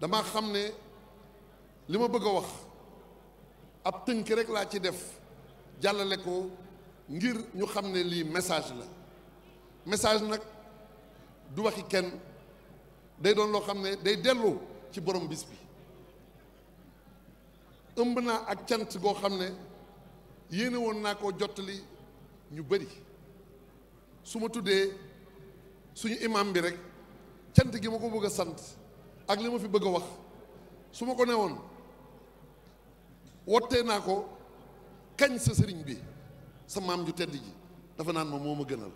dama xam ne li ma bëgg a wax ab tënk rek laa ci def jàllale ko ngir ñu xam ne lii message la message nag du waxi kenn day doon loo xam ne day dellu ci borom bis bi ëmb naa ak cant goo xam ne yéene woon naa koo jottali ñu bari su ma tuddee suñu imam bi rek cant gi ma ko bëgg a sant ak li ma fi bëgg a wax su ma ko ne woon wottee naa ko kañ sa sëriñ bi sa maam ju tedd ji dafa naan ma moo ma gënal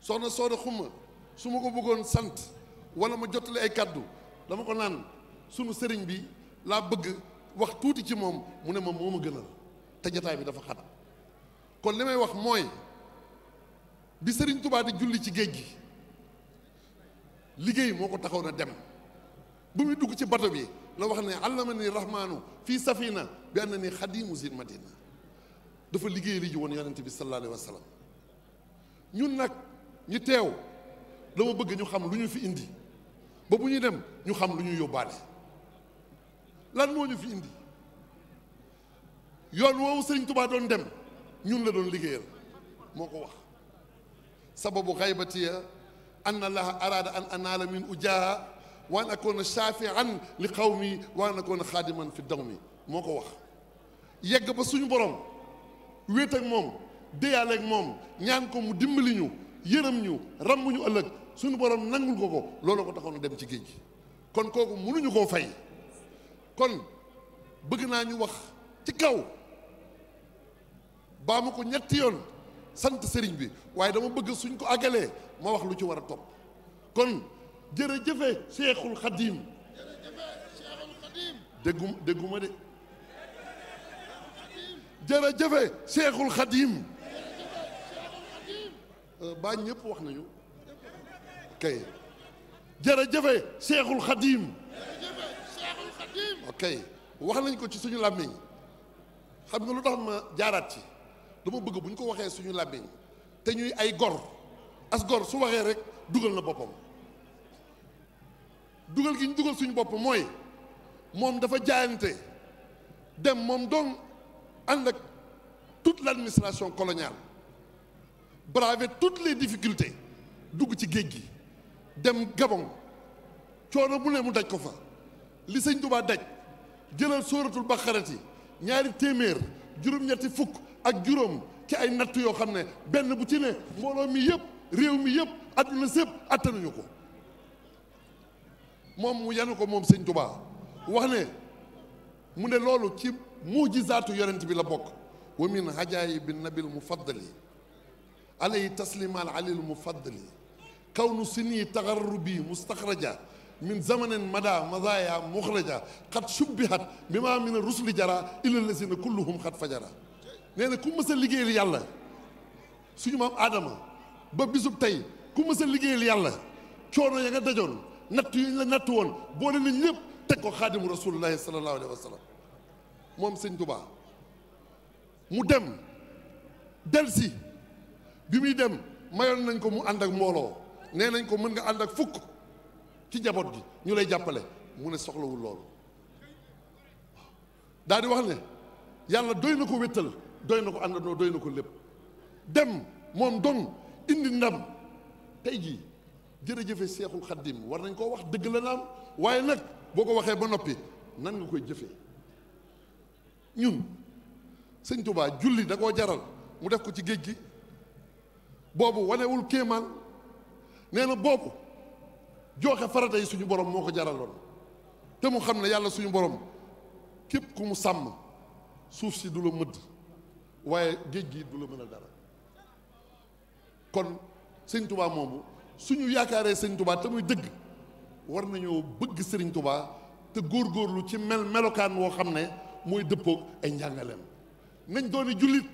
soxna soxna xuma su ma ko bëggoon sant wala ma jottali ay kàddu dama ko naan sunu sëriñ bi laa bëgg wax tuuti ci moom mu ne ma moo ma gënal te jataay bi dafa xat kon li may wax mooy bi sëriñ Tuubaa di julli ci géej gi liggéey moo ko taxaw na dem bu muy dugg ci bato bi la wax ne allama ni rahmaanu fii safina bi ànd na ni xadimu zil madina dafa liggéey li ji woon yonente bi sallallahu alayhi wa sallam ñun nag ñu teew dama bëgg ñu xam lu ñu fi indi ba bu ñu dem ñu xam lu ñu yóbbaale lan moo ñu fi indi yoon woowu sëriñ Tuubaa doon dem ñun la doon liggéeyal moo ko wax sababu xaybatiya an allaha araada an anaala min ujaa wa an akoona shaafian li qawmi wa an akoona xaadiman fi dawmi moo ko wax yegg ba suñu borom wéet ak moom déyaale moom ñaan ko mu dimbali ñu yërëm ñu ràmm ñu ëllëg suñu borom nangul ko ko loolu ko taxoon dem ci géej gi kon kooku mënuñu koo fay kon bëgg naa ñu wax ci kaw baa mu ko ñetti yoon sant sëriñ bi waaye dama bëgg suñ ko àggalee ma wax lu ci war a topp kon jërëjëfe Cheikhul Khadim déggu dégguma de jërëjëfe Cheikhul Khadim euh, baa ñëpp wax nañu jërë jërëjëfe Cheikhul Khadim ok wax nañ ko ci suñu làmmiñ xam nga lu tax ma jaaraat ci dama bëgg bu ñu ko waxee suñu làmmiñ te ñuy ay gor as gor su waxee rek dugal na boppam dugal gi ñu dugal suñu bopp mooy moom dafa jaayante dem moom doon ànd ak la l'administration coloniale braver toutes les difficultés dugg ci géej gi dem Gabon coono bu ne mu daj ko fa li sëñ Tuubaa daj jëlal sóoratul baqarati ñaari téeméer juróom-ñetti fukk ak juróom ci ay natt yoo xam ne benn bu ci ne mbooloo mi yëpp réew mi yëpp adduna sépp attanuñu ko moom mu yanu ko moom sëñ Tuubaa wax ne mu ne loolu ci mujizaatu yonent bi la bokk wa min hajaayibi nabil mufaddali alayhi taslimaal alil mufaddali kawnu sinii taxarrubi mustaxraja min zamanin mada mazaya muxraja xat shubbihat bi ma min rusli jara illa lazina kulluhum xat fajara nee na ku mës a suñu maam aadama ba bisub tey ku mës a yàlla coono ya nga dajoon natt yi ñu la natt woon boole nañ lépp teg ko xaadimu rasulullahi moom sëñ Tuubaa mu dem delsi bi muy dem mayoon nañ ko mu ànd ak mbooloo nee nañ ko mën nga ànd ak fukk ci njaboot gi ñu lay jàppale mu ne soxlawul loolu daal di wax ne yàlla doy na ko wéttal doy na ko àndandoo doy na ko lépp dem moom dong indi ndam tey jii jërëjëfe seexul xaddim war nañ koo wax dëgg la naam waaye nag boo ko waxee ba noppi nan nga koy jëfee ñun sëñ Tuubaa julli da koo jaral mu def ko ci géej gi boobu wanewul kéemaan nee na boobu jooxe farata yi suñu borom moo ko jaraloon te mu xam ne yàlla suñu borom képp ku mu sàmm suuf si du la mëdd waaye géej gi du la mën a dara kon sëñ tubaa moomu suñu yaakaaree sëñ tubaa te muy dëgg war nañoo bëgg sëriñ tubaa te góor góorgóorlu ci mel melokaan woo xam ne mooy dëppook ay njàngaleem nañ dooni jullit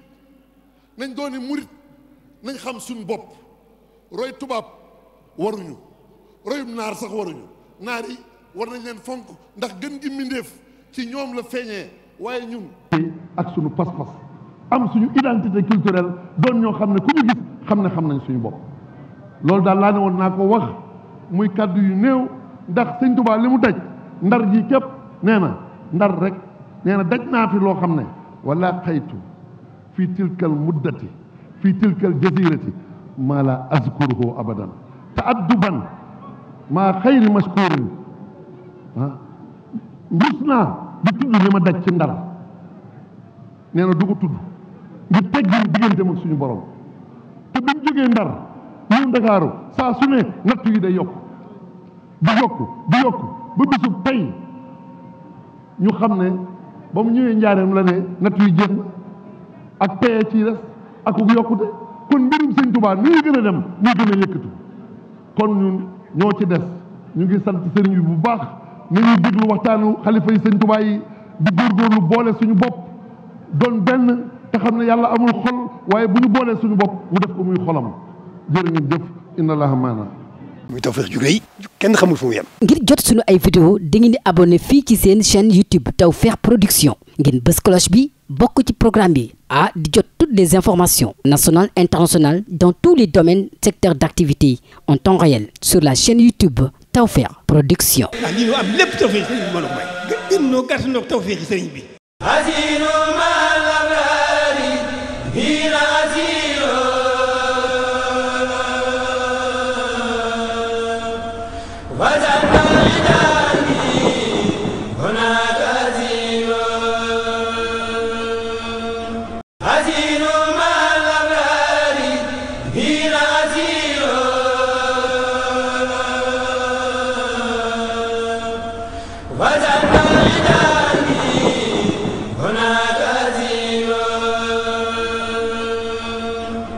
nañ dooni murit nañ xam suñ bopp roy tubaab waruñu royum naar sax waruñu naari war nañ leen fonk ndax gën gi mbindéef ci ñoom la feeñee waaye ñun ak suñu pas-pas am suñu identité culturel doon ñoo xam ne ku ñu gis xam ne xam nañ suñu bopp loolu daal laa ne woon naa ko wax muy kàddu yu néew ndax sëñ li mu daj ndar ji képp nee na ndar rek nee na daj naa loo xam ne wala xaytu fii tilkal muddati fii tilkal jazirati maa la te adduban maa xayri maskurin ah rus naa di tudd li ma daj ci ndar nee na du ko tudd di teggin digganteem ak suñu borom te buñ jógee ndar ñëw ndakaaru saa su ne natt yi day yokk di yokk di yokk ba bisub tey ñu xam ne ba mu ñëwee njaareem la ne natt yi jéem ak paye ci des ak ku yokkute kon mbirum sëñ Tuubaa ni gën a dem muy gën a yëkkatu kon ñoo ci des ñu ngi sant sëriñ bi bu baax ni ñuy déglu waxtaanu xalifa yi sëñ Tuubaa yi di góorgóorlu boole suñu bopp doon benn te xam ne yàlla amul xol waaye bu ñu boolee suñu kenn xamul fu ngir jot suñu ay vidéo dangeen di abonne fii ci seen chaîne YouTube Tawfekh Production ngeen bës cloche bi bokk ci programme bi ah di jot toutes des informations nationales internationales dans tous les domaines secteurs d'activité en temps réel sur la chaîne YouTube Tawfekh Production. ah lii am lépp tawfeex sëriñ bi mën a may. gën noo gàtt noo tawfeex sëriñ bi.